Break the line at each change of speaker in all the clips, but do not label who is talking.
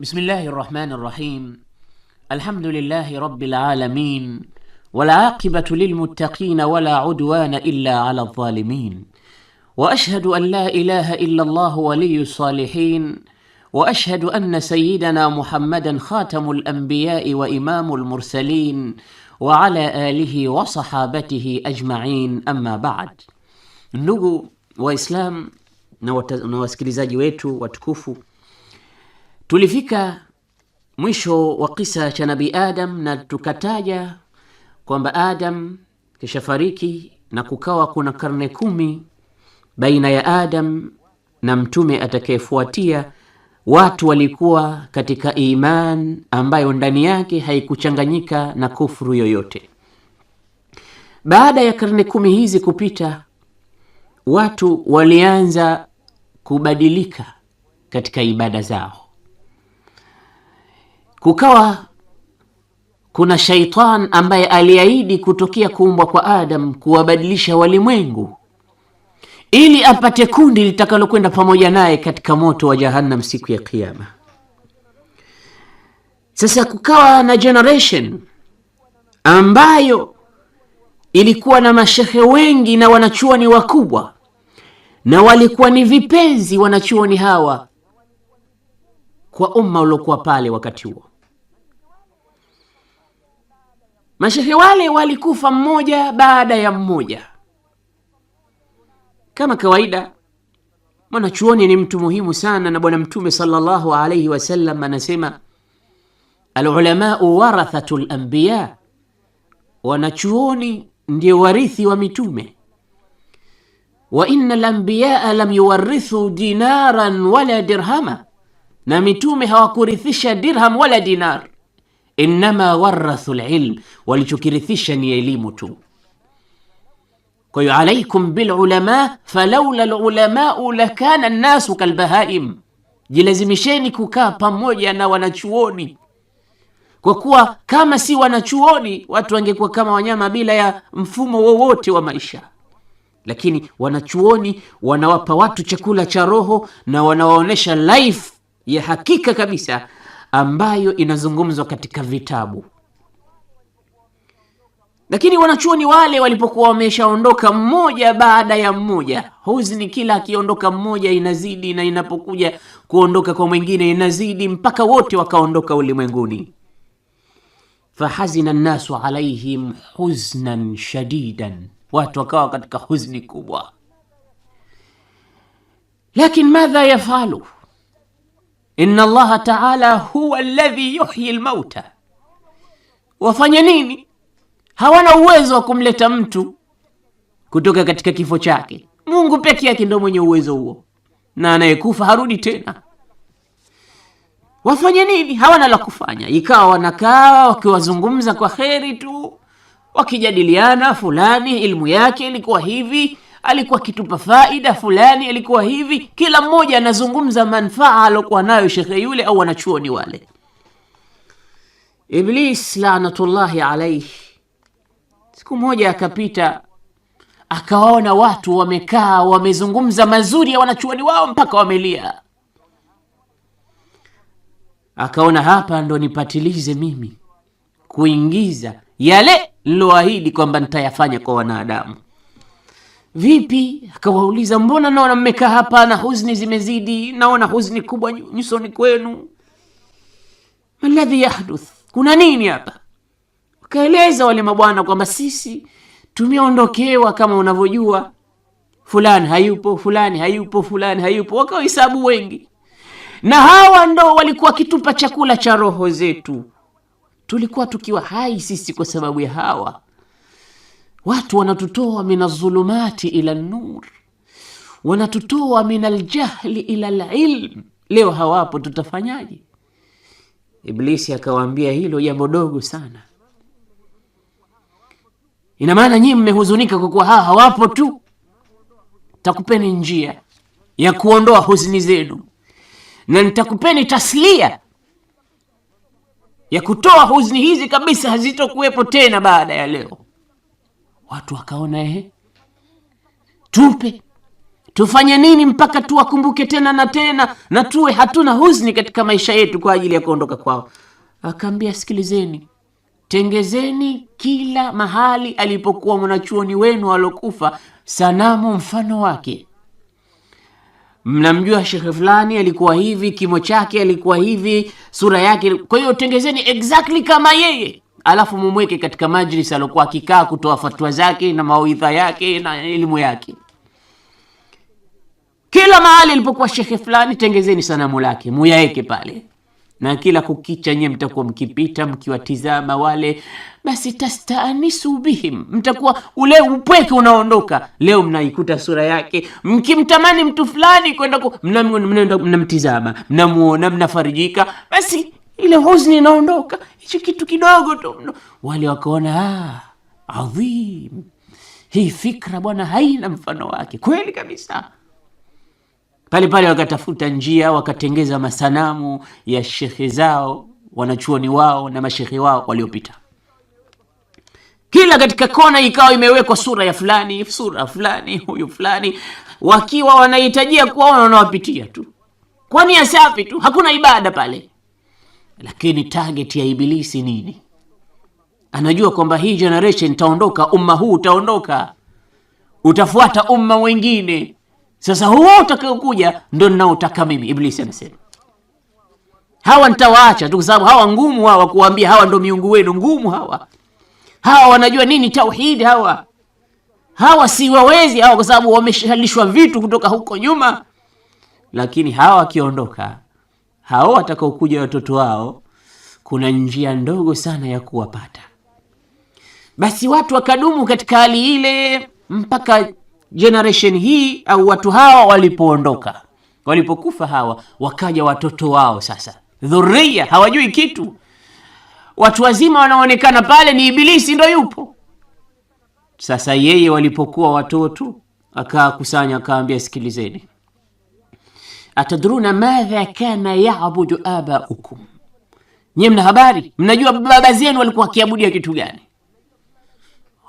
بسم الله الرحمن الرحيم الحمد لله رب العالمين والعاقبة للمتقين ولا عدوان إلا على الظالمين وأشهد أن لا إله إلا الله ولي الصالحين وأشهد أن سيدنا محمدا خاتم الأنبياء وإمام المرسلين وعلى آله وصحابته أجمعين أما بعد ndugu وإسلام na ويتو wetu Tulifika mwisho wa kisa cha nabi Adam na tukataja kwamba Adam kisha fariki na kukawa kuna karne kumi baina ya Adam na mtume atakayefuatia. Watu walikuwa katika iman ambayo ndani yake haikuchanganyika na kufuru yoyote. Baada ya karne kumi hizi kupita, watu walianza kubadilika katika ibada zao. Kukawa kuna shaitan ambaye aliahidi kutokea kuumbwa kwa Adam kuwabadilisha walimwengu ili apate kundi litakalokwenda pamoja naye katika moto wa Jahannam siku ya qiama Sasa kukawa na generation ambayo ilikuwa na mashehe wengi na wanachuoni wakubwa, na walikuwa ni vipenzi wanachuoni hawa kwa umma uliokuwa pale wakati huo Mashehe wale walikufa mmoja baada ya mmoja. Kama kawaida, mwanachuoni ni mtu muhimu sana, na Bwana Mtume sallallahu alayhi wasallam anasema alulamau warathatu lambiya wanachuoni ndio warithi wa mitume. Wa inna lambiyaa lam yuwarrithu dinaran wala dirhama, na mitume hawakurithisha dirham wala dinar innama warathu lilm, walichokirithisha ni elimu tu. Kwa hiyo alaikum bilulama falaula lulamau lakana nnasu kalbahaim, jilazimisheni kukaa pamoja na wanachuoni, kwa kuwa kama si wanachuoni watu wangekuwa kama wanyama bila ya mfumo wowote wa maisha. Lakini wanachuoni wanawapa watu chakula cha roho na wanawaonyesha life ya hakika kabisa ambayo inazungumzwa katika vitabu. Lakini wanachuoni wale walipokuwa wameshaondoka mmoja baada ya mmoja, huzni kila akiondoka mmoja inazidi, na inapokuja kuondoka kwa mwingine inazidi, mpaka wote wakaondoka ulimwenguni. Fahazina nnasu alaihim huznan shadidan, watu wakawa katika huzni kubwa, lakini madha yafalu inna llaha taala huwa alladhi yuhyi lmauta. Wafanye nini? Hawana uwezo wa kumleta mtu kutoka katika kifo chake. Mungu peke yake ndio mwenye uwezo huo, na anayekufa harudi tena. Wafanye nini? Hawana la kufanya, ikawa wanakaa wakiwazungumza kwa kheri tu, wakijadiliana, fulani ilmu yake ilikuwa hivi alikuwa kitupa faida fulani, alikuwa hivi. Kila mmoja anazungumza manfaa alokuwa nayo shekhe yule au wanachuoni wale. Iblis lanatullahi alaihi, siku moja akapita akawaona watu wamekaa wamezungumza mazuri ya wanachuoni wao mpaka wamelia. Akaona hapa ndo nipatilize mimi kuingiza yale niloahidi kwamba nitayafanya kwa wanadamu. Vipi? Akawauliza, mbona naona mmekaa hapa na huzni zimezidi, naona huzni kubwa nyusoni kwenu, maladhi yahduth, kuna nini hapa? Wakaeleza wale mabwana kwamba sisi tumeondokewa, kama unavyojua, fulani hayupo, fulani hayupo, fulani hayupo. Wakawahesabu wengi, na hawa ndo walikuwa wakitupa chakula cha roho zetu. Tulikuwa tukiwa hai sisi kwa sababu ya hawa Watu wanatutoa min adh ila nur wanatutoa min aljahli ila lilm Leo hawapo, tutafanyaje? Iblisi akawaambia hilo jambo dogo sana. Ina maana nyinyi mmehuzunika kwa kuwa hawa hawapo tu, takupeni njia ya kuondoa huzuni zenu na nitakupeni taslia ya kutoa huzuni hizi kabisa, hazitokuwepo tena baada ya leo. Watu wakaona ehe, tupe tufanye nini mpaka tuwakumbuke tena na tena na tuwe hatuna huzuni katika maisha yetu kwa ajili ya kuondoka kwao. Akaambia, sikilizeni, tengezeni kila mahali alipokuwa mwanachuoni wenu alokufa sanamu mfano wake. Mnamjua shekhe fulani alikuwa hivi, kimo chake alikuwa hivi, sura yake. Kwa hiyo tengezeni exactly kama yeye alafu mumweke katika majlis alokuwa akikaa kutoa fatwa zake na mawaidha yake na elimu yake. Kila mahali alipokuwa shekhe fulani, tengezeni sanamu lake muyaeke pale, na kila kukicha nyie mtakuwa mkipita mkiwatizama wale, basi tastaanisu bihim, mtakuwa ule upweke unaondoka. Leo mnaikuta sura yake, mkimtamani mtu fulani kwenda, mnamtizama, mnamuona, mnafarijika, basi ile huzni inaondoka, hicho kitu kidogo tu. Wale wakaona ah, adhim, hii fikra bwana haina mfano wake kweli kabisa. Pale pale wakatafuta njia, wakatengeza masanamu ya shekhe zao, wanachuoni wao na mashekhe wao waliopita. Kila katika kona ikawa imewekwa sura ya fulani, sura fulani, huyu fulani, wakiwa wanahitajia kuwaona, wanawapitia tu kwani asafi safi tu, hakuna ibada pale. Lakini target ya ibilisi nini? Anajua kwamba hii generation itaondoka, umma huu utaondoka, utafuata umma wengine. Sasa huo utakaokuja ndo ninaotaka mimi. iblisi anasema hawa ntawaacha tu, kwa sababu hawa ngumu, hawa kuwaambia hawa ndo miungu wenu ngumu, hawa hawa wanajua nini tauhidi, hawa hawa siwawezi hawa, kwa sababu wameshalishwa vitu kutoka huko nyuma, lakini hawa wakiondoka hao watakaokuja watoto wao, kuna njia ndogo sana ya kuwapata. Basi watu wakadumu katika hali ile mpaka generation hii au watu hawa walipoondoka, walipokufa hawa, wakaja watoto wao sasa, dhuria hawajui kitu. Watu wazima wanaonekana pale ni Ibilisi ndo yupo sasa. Yeye walipokuwa watoto akawakusanya, akaambia, sikilizeni atadruna madha kana yabudu abaukum, nyie mna habari, mnajua baba zenu walikuwa wakiabudia kitu gani?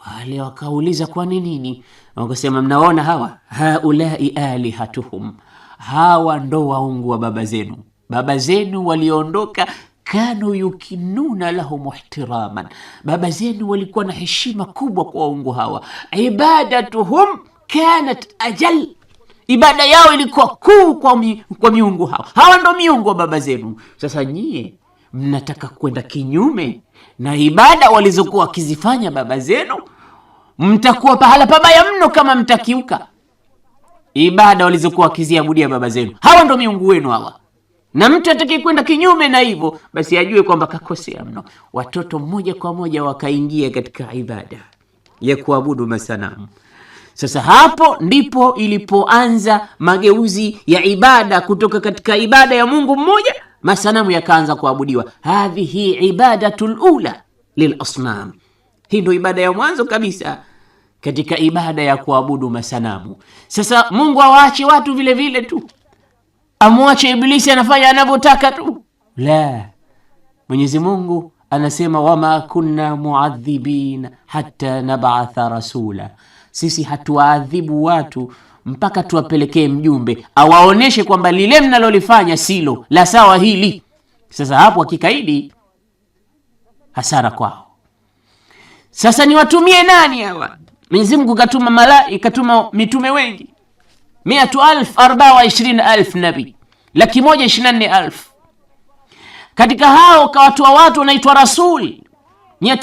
Wale wakauliza kwa ni nini? Wakasema, mnaona hawa haulai alihatuhum, hawa ndo waungu wa baba zenu. Baba zenu waliondoka kanu yukinuna lahum ihtiraman, baba zenu walikuwa na heshima kubwa kwa waungu hawa. Ibadatuhum kanat ajal Ibada yao ilikuwa kuu kwa, mi, kwa miungu hao. Hawa ndo miungu wa baba zenu. Sasa nyie mnataka kwenda kinyume na ibada walizokuwa wakizifanya baba zenu, mtakuwa pahala pabaya mno kama mtakiuka ibada walizokuwa wakiziabudia baba zenu. Hawa ndo miungu wenu hawa, na mtu ataki kwenda kinyume na hivyo, basi ajue kwamba kakosea mno. Watoto moja kwa moja wakaingia katika ibada ya kuabudu masanamu. Sasa hapo ndipo ilipoanza mageuzi ya ibada kutoka katika ibada ya Mungu mmoja, masanamu yakaanza kuabudiwa. Hadhihi ibadatul ula lilasnam, hii ndio ibada ya mwanzo kabisa katika ibada ya kuabudu masanamu. Sasa Mungu awaache watu vile vile tu, amwache Iblisi anafanya anavyotaka tu? La, Mwenyezi Mungu anasema wama kunna muadhibina hatta nabatha rasula sisi hatuwaadhibu watu mpaka tuwapelekee mjumbe awaoneshe kwamba lile mnalolifanya silo la sawa hili. Sasa hapo akikaidi hasara kwao. Sasa niwatumie nani hawa? mwenyezimngu katuma malai katuma mitume wengi, miatu alfu arba wa ishirini alf nabii, laki moja ishirini nne Katika hao kawatoa watu wanaitwa rasuli mia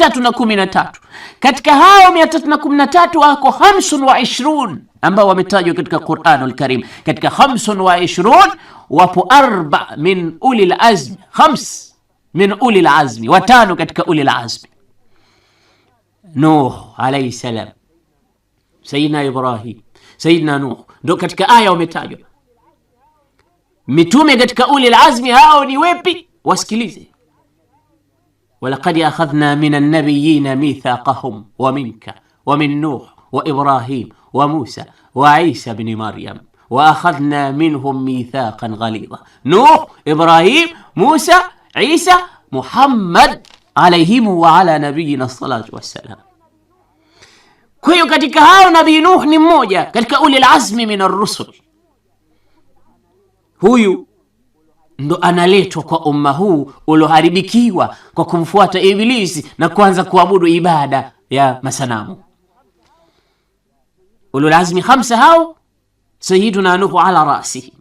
Katika hao 313 wako hamsun wa ishrun ambao wametajwa katika Quranul Karim. Katika hamsun wa ishrun wapo arba min ulil azmi, 5 min uli lazmi watano katika uli lazmi Nuh alayhi salam, Sayyidina Ibrahim, Sayyidina Nuh. Ndo katika aya wametajwa mitume katika uli lazmi Hao ni wepi? Wasikilize. ولقد أخذنا من النبيين ميثاقهم ومنك ومن نوح وإبراهيم وموسى وعيسى بن مريم وأخذنا منهم ميثاقا غليظا نوح إبراهيم موسى عيسى محمد عليهم وعلى نبينا الصلاة والسلام كيو كتك هاو نبي نوح nuh ni mmoja العزم من الرسل min ndo analetwa kwa umma huu ulioharibikiwa kwa kumfuata Ibilisi na kuanza kuabudu ibada ya masanamu. Ululazmi hamsa hao Sayiduna Nuhu ala rasihi.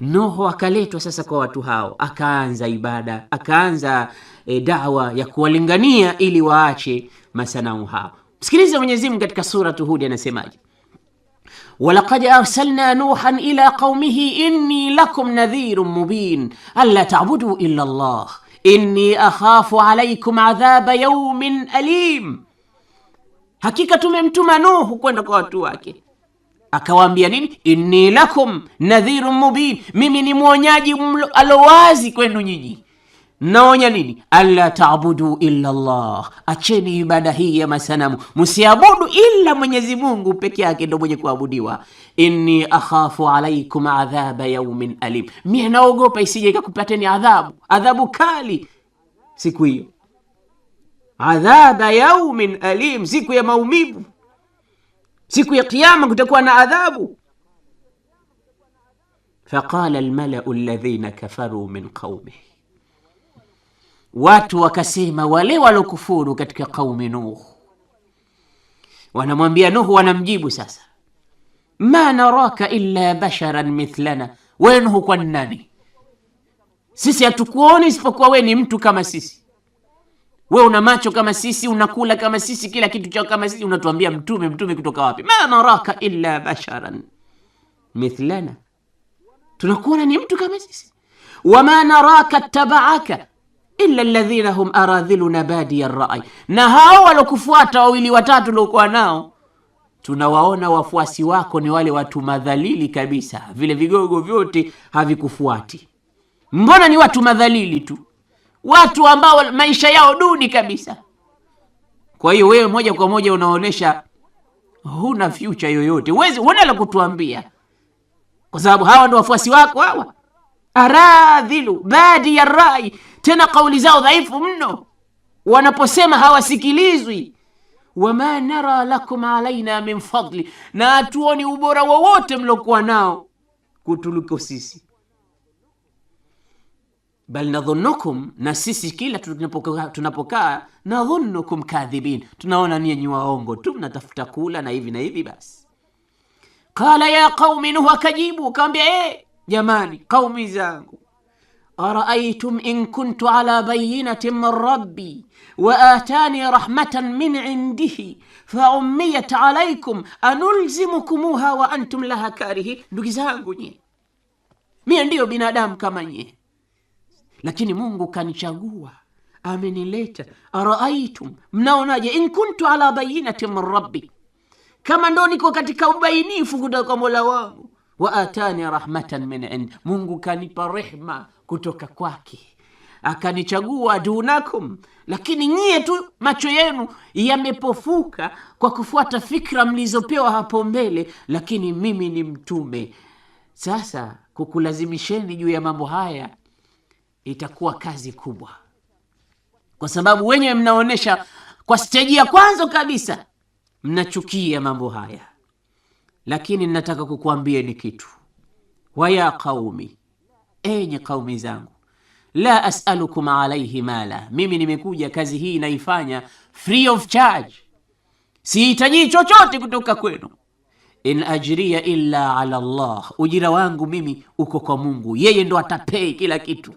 Nuhu akaletwa sasa kwa watu hao, akaanza ibada, akaanza e, dawa ya kuwalingania ili waache masanamu hao. Msikilize Mwenyezi katika suratu Hudi anasemaje? walaqad arsalna nuhan ila qaumihi inni lakum nadhirun mubin alla tabudu illa llah inni akhafu alaikum adhaba yaumin alim, hakika tumemtuma Nuhu kwenda kwa watu wake akawaambia nini? Inni lakum nadhirun mubin, mimi ni mwonyaji alowazi kwenu nyinyi Naonya nini? alla taabudu illa llah acheni ibada hii ya masanamu, msiabudu ila Mwenyezi Mungu peke yake ndo mwenye kuabudiwa. inni akhafu alaikum adhaba yaumin alim, mie naogopa isije ikakupateni adhabu, adhabu kali siku hiyo, adhaba yaumin alim, siku ya maumivu, siku ya Kiyama kutakuwa na adhabu. faqala lmalau ladhina kafaruu min qaumihi Watu wakasema wale walokufuru katika kaumi Nuh, wanamwambia Nuhu, wanamjibu sasa, ma naraka illa basharan mithlana, we Nuhu kwa nani? Sisi hatukuoni isipokuwa we ni mtu kama sisi, we una macho kama sisi, unakula kama sisi, kila kitu chao kama sisi, unatuambia mtume. Mtume kutoka wapi? ma naraka illa basharan mithlana, tunakuona ni mtu kama sisi. Wama naraka tabaaka illa alladhina hum aradhiluna badia rai, na hao walokufuata wawili watatu uliokuwa nao tunawaona wafuasi wako ni wale watu madhalili kabisa, vile vigogo vyote havikufuati. Mbona ni watu madhalili tu, watu ambao maisha yao duni kabisa. Kwa hiyo wewe moja kwa moja unaonyesha huna fyucha yoyote, huwezi huna la kutuambia, kwa sababu hawa ndo wafuasi wako hawa, aradhilu badi ya rai tena kauli zao dhaifu mno, wanaposema hawasikilizwi. Wama nara lakum alaina min fadli, na hatuoni ubora wowote mliokuwa nao kutuliko sisi. Bal nadhunukum, na sisi kila tunapokaa nadhunukum kadhibin, tunaona ninyi waongo tu, mnatafuta kula na hivi na hivi. Basi qala ya qaumi Nuhu akajibu, akawambia, e eh, jamani, qaumi zangu araaitum in kuntu ala bayinatin min rabbi waatani rahmatan min indihi faummiyat alaikum anulzimukumuha wa antum laha karihi. Ndugu zangu nyie, mie ndiyo binadamu kama nyie, lakini Mungu kanichagua, amenileta. Araaitum, mnaonaje? in kuntu ala bayinati min rabbi, kama ndo niko katika ubainifu kutoka kwa mola wangu wa atani rahmatan min indi, Mungu kanipa rehma kutoka kwake, akanichagua dunakum, lakini nyie tu macho yenu yamepofuka kwa kufuata fikra mlizopewa hapo mbele, lakini mimi ni mtume. Sasa kukulazimisheni juu ya mambo haya itakuwa kazi kubwa, kwa sababu wenyewe mnaonyesha kwa steji ya kwanza kabisa mnachukia mambo haya lakini nataka ni kitu. Waya qaumi, enye qaumi zangu, la asalukum alaihi mala, mimi nimekuja kazi hii naifanya free of charge, sihitaji chochote kutoka kwenu. In ajriya illa ala Allah, ujira wangu mimi uko kwa Mungu, yeye ndo atapei kila kitu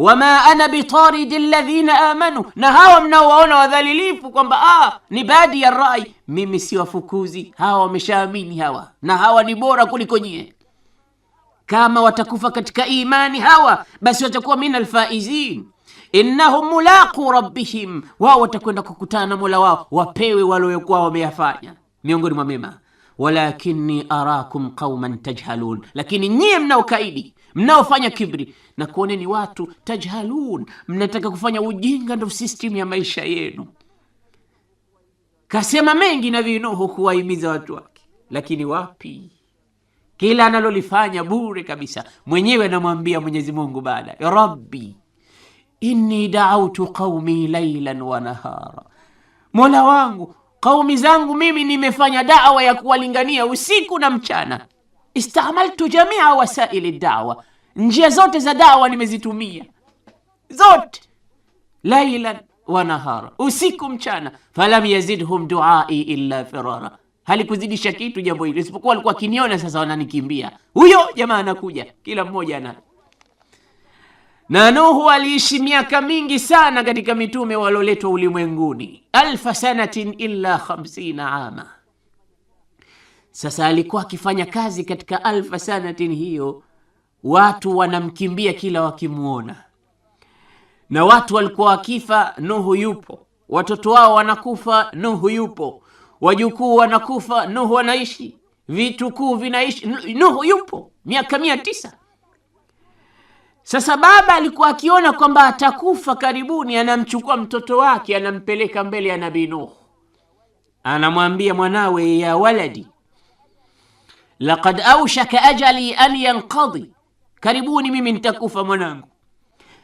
wama ana bitaridi alladhina amanu, na hawa mnaowaona wadhalilifu kwamba ah, ni baadhi ya rai, mimi siwafukuzi hawa, wameshaamini hawa, na hawa ni bora kuliko nyie. Kama watakufa katika imani hawa, basi watakuwa min alfaizin innahum mulaqu rabbihim, wao watakwenda kukutana na mola wao, wapewe waliokuwa wameyafanya miongoni mwa mema. Walakinni arakum qauman tajhalun, lakini nyie mnaokaidi mnaofanya kibri na kuoneni watu tajhalun, mnataka kufanya ujinga, ndo system ya maisha yenu. Kasema mengi Nabii Nuhu kuwahimiza watu wake, lakini wapi, kila analolifanya bure kabisa. Mwenyewe anamwambia Mwenyezi Mungu baada ya rabbi inni daautu qaumi lailan wa nahara, mola wangu, qaumi zangu mimi nimefanya dawa ya kuwalingania usiku na mchana istamaltu jamia wasaili dawa, njia zote za dawa nimezitumia zote, lailan wa nahara, usiku mchana. Falam yazidhum duai illa firara, halikuzidisha kitu jambo hili isipokuwa alikuwa kiniona, sasa wananikimbia. Huyo jamaa anakuja, kila mmoja na na Nuhu aliishi miaka mingi sana katika mitume waloletwa ulimwenguni, alfa sanatin illa 50 ama sasa alikuwa akifanya kazi katika alfa sanatin hiyo, watu wanamkimbia kila wakimwona, na watu walikuwa wakifa, Nuhu yupo, watoto wao wanakufa, Nuhu yupo, wajukuu wanakufa, Nuhu wanaishi vitukuu vinaishi, Nuhu yupo, miaka mia tisa. Sasa baba alikuwa akiona kwamba atakufa karibuni, anamchukua mtoto wake, anampeleka mbele ya Nabii Nuhu, anamwambia mwanawe, ya waladi laqad aushaka ajali an yanqadi, karibuni mimi nitakufa mwanangu.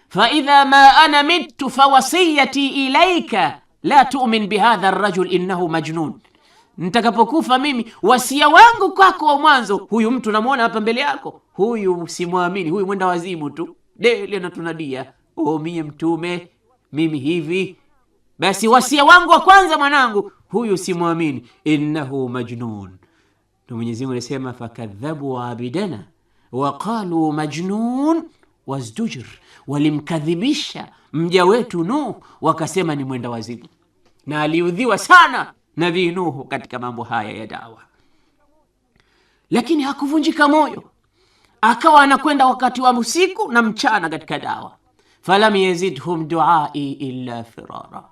faidha ma ana mittu fawasiyati ilaika la tumin bihadha rajul innahu majnun, nitakapokufa mimi wasia wangu kwako wa mwanzo, huyu mtu namwona hapa mbele yako, huyu simwamini, huyu mwenda wazimu tu, deli anatunadia oh, mie mtume mimi hivi basi, wasia wangu wa kwanza mwanangu, huyu simwamini, innahu majnun ndo Mwenyezi Mungu anasema fakadhabu abidana waqalu majnun wazdujr, walimkadhibisha mja wetu Nuh wakasema ni mwenda wazimu, na aliudhiwa sana Nabii Nuhu katika mambo haya ya dawa, lakini hakuvunjika moyo, akawa anakwenda wakati wa usiku na mchana katika dawa. falam yazidhum duai illa firara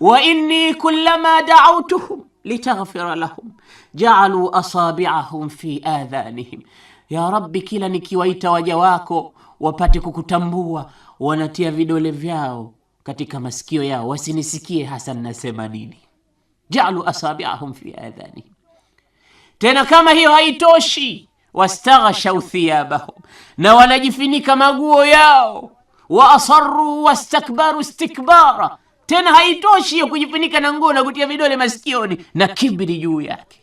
wa inni kullama da'awtuhum litaghfira lahum ja'alu asabi'ahum fi adhanihim, ya Rabbi, kila nikiwaita waja wako wapate kukutambua, wanatia vidole vyao katika masikio yao wasinisikie hasa ninasema nini. Ja'alu asabi'ahum fi adhanihim. Tena kama hiyo haitoshi, wastaghshau thiyabahum, na wanajifinika maguo yao, wa asarru wastakbaru istikbara tena haitoshi ya kujifunika na nguo na kutia vidole masikioni na kibiri juu yake,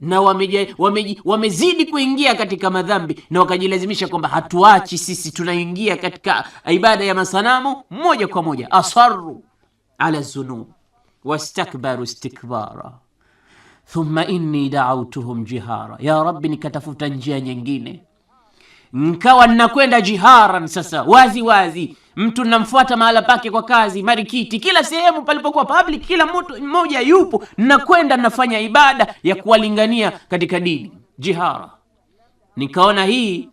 na wamezidi wame, wamezidi kuingia katika madhambi na wakajilazimisha kwamba hatuachi sisi, tunaingia katika ibada ya masanamu moja kwa moja. asaru ala dhunub wastakbaru istikbara thumma inni daautuhum jihara, ya Rabbi, nikatafuta njia nyingine nkawa nnakwenda jiharan, sasa wazi wazi mtu namfuata mahala pake kwa kazi, marikiti, kila sehemu palipokuwa public, kila mtu mmoja yupo, nakwenda nafanya ibada ya kuwalingania katika dini jihara. Nikaona hii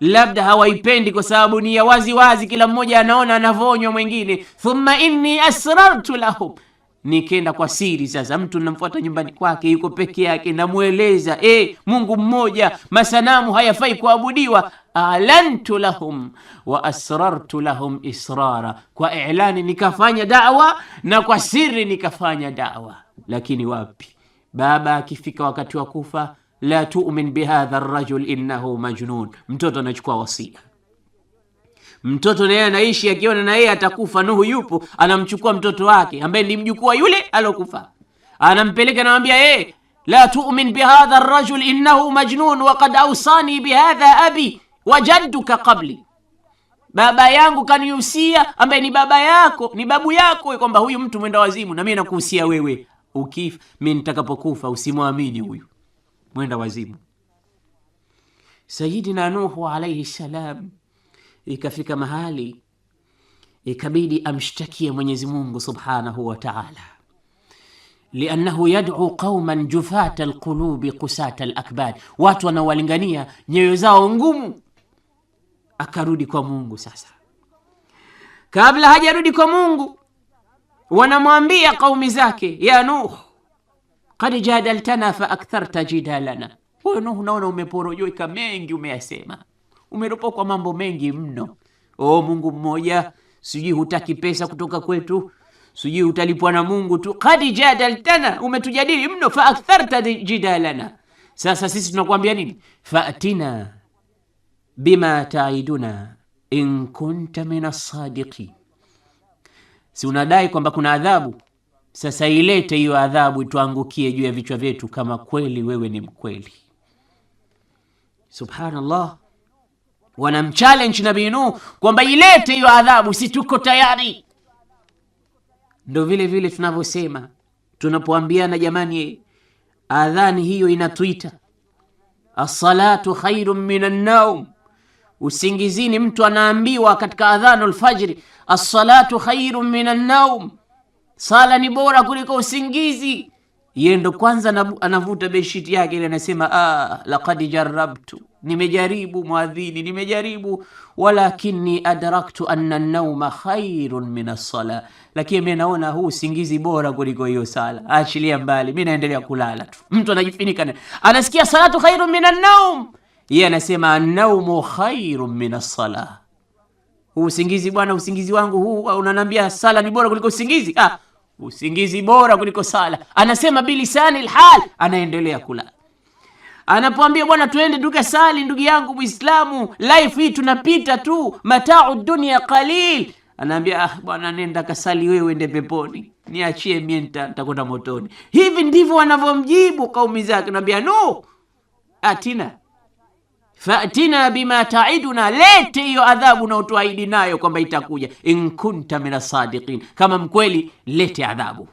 labda hawaipendi kwa sababu ni ya wazi wazi, kila mmoja anaona anavonywa mwingine. Thumma inni asrartu lahum nikenda kwa siri sasa, mtu namfuata nyumbani kwake, yuko peke yake, namweleza e, Mungu mmoja, masanamu hayafai kuabudiwa. Alantu lahum wa asrartu lahum israra, kwa ilani nikafanya dawa na kwa siri nikafanya dawa. Lakini wapi, baba akifika wakati wa kufa, la tumin bihadha rajul innahu majnun, mtoto anachukua wasia Mtoto naye anaishi akiona na yeye atakufa. Nuhu yupo, anamchukua mtoto wake ambaye ni mjukuu yule alokufa, anampeleka anamwambia, hey, eh, la tu'min bihadha arrajul innahu majnun wa qad awsani bihadha abi wa jadduka qabli Baba yangu kaniusia, ambaye ni baba yako ni babu yako, kwamba huyu mtu mwenda wazimu, na mimi nakuhusia wewe, ukifa mimi nitakapokufa usimwamini huyu mwenda wazimu. sayidina Nuhu alayhi salam ikafika mahali ikabidi amshtakie Mwenyezi Mungu subhanahu wa taala, liannahu yad'u qauman jufata alqulubi kusata alakbad, watu wanaowalingania nyoyo zao ngumu. Akarudi kwa Mungu sasa. Kabla hajarudi kwa Mungu, wanamwambia kaumi zake, ya Nuh kad jadaltana fa aktharta jidalana, huyo Nuh, naona umeporojoka mengi umeyasema kwa mambo mengi mno. O oh, Mungu mmoja, sijui hutaki pesa kutoka kwetu, sijui utalipwa na Mungu tu. Qad jadaltana, umetujadili mno. Fa aktharta jidalana, sasa sisi tunakwambia nini? Fatina bima taiduna in kunta min asadiqin, si unadai kwamba kuna adhabu sasa ilete hiyo adhabu ituangukie juu ya vichwa vyetu, kama kweli wewe ni mkweli. Subhanallah wanamchallenge Nabii Nuh kwamba ilete hiyo adhabu, si tuko tayari. Ndo vile vile tunavyosema tunapoambiana, jamani, adhani hiyo inatuita as khairun min annaum usingizini. Mtu anaambiwa katika adhanu al-fajri, khairun min annaum sala ni bora kuliko usingizi yeye ndo kwanza anavuta beshiti yake ile, anasema ah, laqad jarabtu, nimejaribu mwadhini, nimejaribu walakini adraktu anna nauma khairun min as-sala, lakini mimi naona huu usingizi bora kuliko hiyo sala, achilia mbali, mimi naendelea kulala tu. Mtu anajifinika, anasikia salatu khairun min an-naum, yeye anasema an-naumu khairun min as-sala, huu usingizi bwana, usingizi wangu huu unanambia sala ni bora kuliko usingizi ah usingizi bora kuliko sala. Anasema bilisani lhal, anaendelea kulala. Anapoambia bwana, tuende sali ndugu yangu Muislamu, life hii tunapita tu, matau dunia qalil. Anaambia ah, bwana, nenda kasali wewe, uende peponi, niachie mie, ntakwenda motoni. Hivi ndivyo wanavyomjibu kaumi zake. Naambia no, atina fatina bima taiduna, lete hiyo adhabu na utuahidi nayo kwamba itakuja, in kunta min asadiqin, kama mkweli lete adhabu.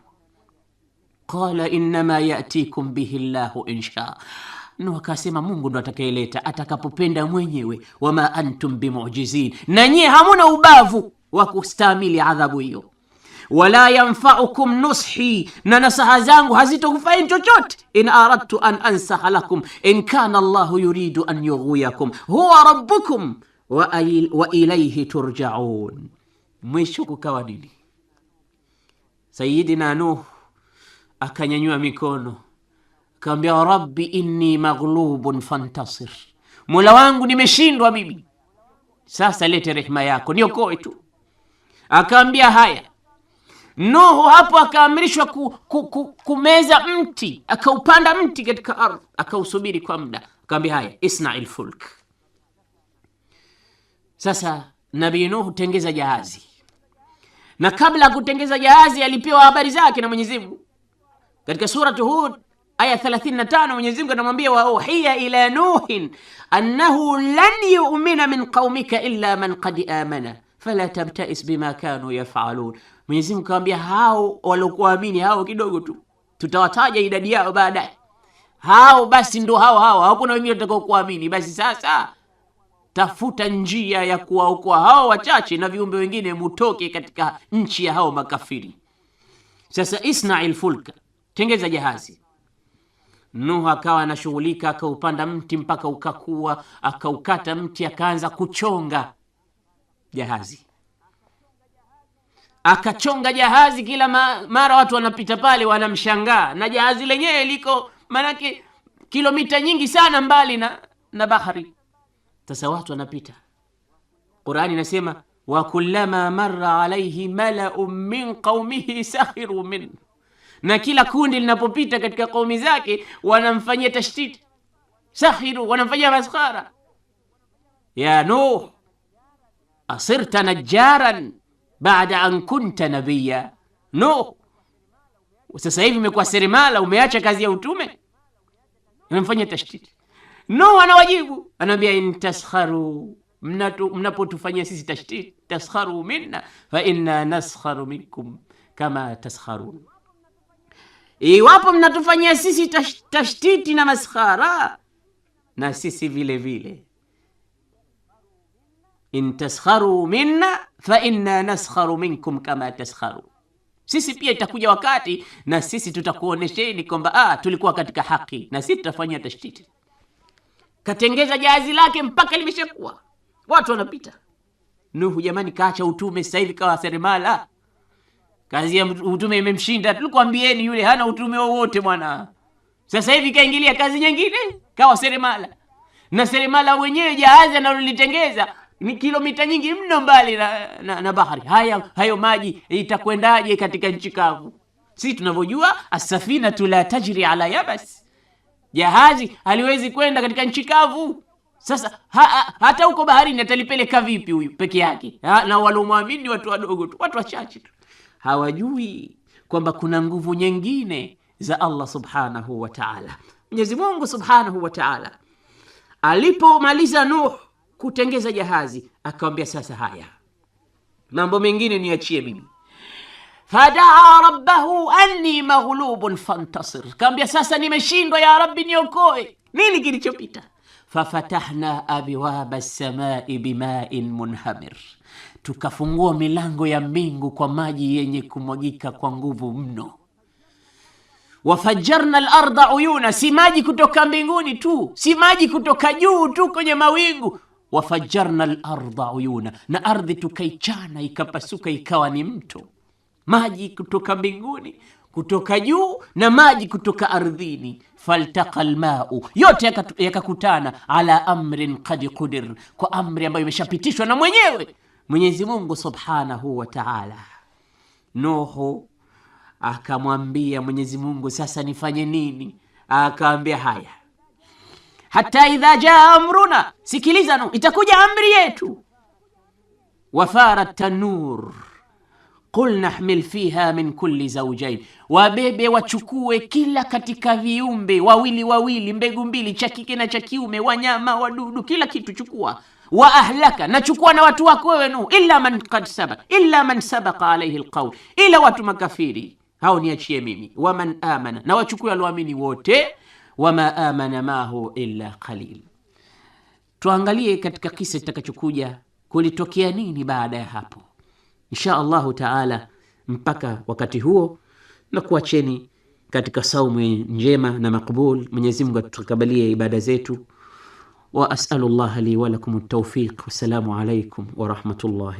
Qala innama yatikum bihi llahu insha Wakasema Mungu ndo atakayeleta atakapopenda mwenyewe, wama antum bimujizin, na nyie hamuna ubavu wa kustahimili adhabu hiyo wala yanfaukum nushi, na nasaha zangu hazitokufaini chochote. in aradtu an ansaha lakum in kana Allahu yuridu an yughwiyakum huwa rabbukum wa ilaihi turjaun. Mwisho kukawa nini? Sayidina Nuh akanyanyua mikono akaambia, rabbi inni maghlubun fantasir, mola wangu nimeshindwa mimi, sasa lete rehema yako niokoe tu. Akaambia haya Nuhu hapo akaamrishwa ku, ku, ku, kumeza mti, akaupanda mti katika ardhi, akausubiri kwa muda, akaambia haya, isna ilfulk. Sasa Nabii Nuhu tengeza jahazi, na kabla ya kutengeza jahazi alipewa habari zake na Mwenyezi Mungu katika Surat Hud aya 35, Mwenyezi Mungu anamwambia wa uhiya ila nuhin annahu lan yu'mina min qaumika illa man qad amana fala tabtais bima kanu yafalun Mwenyezi Mungu kawambia hao waliokuamini hao kidogo tu, tutawataja idadi yao baadaye. Hao basi ndo hao hao, hakuna wengine watakao kuamini. Basi sasa tafuta njia ya kuwaokoa hao wachache na viumbe wengine, mutoke katika nchi ya hao makafiri. Sasa isna'il fulka, tengeza jahazi. Nuhu akawa anashughulika, akaupanda mti mpaka ukakua, akaukata mti, akaanza kuchonga jahazi akachonga jahazi kila ma, mara watu wanapita pale wanamshangaa, na jahazi lenyewe liko maanake kilomita nyingi sana mbali na, na bahari. Sasa watu wanapita. Qurani inasema wa kullama marra alayhi min qaumihi sakhiru minhu, na kila kundi linapopita katika kaumi zake wanamfanyia tashtit sakhiru, wanamfanyia maskhara. Ya Nuh asirta najaran baada an kunta nabiya no. Sasa hivi umekuwa seremala, umeacha kazi ya utume, amemfanya tashtiti no. Anawajibu, anawambia intaskharu, mnapotufanyia sisi tashtiti, taskharu minna fa inna naskharu minkum kama taskharun, iwapo mnatufanyia sisi tashtiti na maskhara, na sisi vile vile in taskharu minna fa inna naskharu minkum kama taskharu, sisi pia itakuja wakati na sisi tutakuonesheni kwamba ah, tulikuwa katika haki na sisi tutafanyia tashtiti. Katengeza jahazi lake mpaka limeshakuwa watu wanapita. Nuhu jamani, kaacha utume sasa hivi kawa seremala, kazi ya utume imemshinda. Tulikwambieni yule hana utume wowote mwana, sasa hivi kaingilia kazi nyingine kawa seremala, na seremala wenyewe jahazi analolitengeza ni kilomita nyingi mno mbali na, na, na bahari. Haya, hayo maji itakwendaje katika nchi kavu? Si tunavyojua asafinatu la tajri ala yabas, jahazi haliwezi kwenda katika nchi kavu. Sasa ha, ha, hata huko baharini atalipeleka vipi huyu peke yake? Ha, na walomwamini watu wadogo tu, watu wachache tu, hawajui kwamba kuna nguvu nyingine za Allah subhanahu wa ta'ala. Mwenyezi Mungu subhanahu wa ta'ala alipomaliza nuhu kutengeza jahazi. akawambia sasa, haya mambo mengine niachie mimi. Fadaa rabbahu anni maghlubun fantasir, kaambia sasa nimeshindwa, ya Rabbi niokoe. Nini kilichopita? Fafatahna abwaba lsamai bimain munhamir, tukafungua milango ya mbingu kwa maji yenye kumwagika kwa nguvu mno. Wafajarna larda uyuna, si maji kutoka mbinguni tu, si maji kutoka juu tu kwenye mawingu wafajarna larda uyuna, na ardhi tukaichana ikapasuka ikawa ni mto, maji kutoka mbinguni kutoka juu na maji kutoka ardhini. faltaka lmau, yote yakakutana yaka ala amrin qad qudir, kwa amri ambayo imeshapitishwa na mwenyewe Mwenyezi Mungu subhanahu wa taala. Nuhu akamwambia Mwenyezi Mungu, sasa nifanye nini? Akaambia haya hata idha jaa amruna, sikiliza no, itakuja amri yetu. Wafara tanur qul nahmil fiha min kulli zawjain, wabebe wachukue kila katika viumbe wawili wawili, mbegu mbili, cha kike na cha kiume, wanyama, wadudu, kila kitu chukua wa ahlaka nachukua na watu wako wewe Nuhu, illa man qad sabak illa man sabaka alayhi alqawl, ila watu makafiri hao niachie mimi. Waman amana na wachukue walioamini wote wama amana mahu illa qalil. Tuangalie katika kisa kitakachokuja kulitokea nini baada ya hapo, insha Allahu taala. Mpaka wakati huo, na kuacheni katika saumu njema na makbul. Mwenyezi Mungu atutakabalie ibada zetu. Wa asalu llaha li wa lakum at-tawfiq. Wassalamu alaykum wa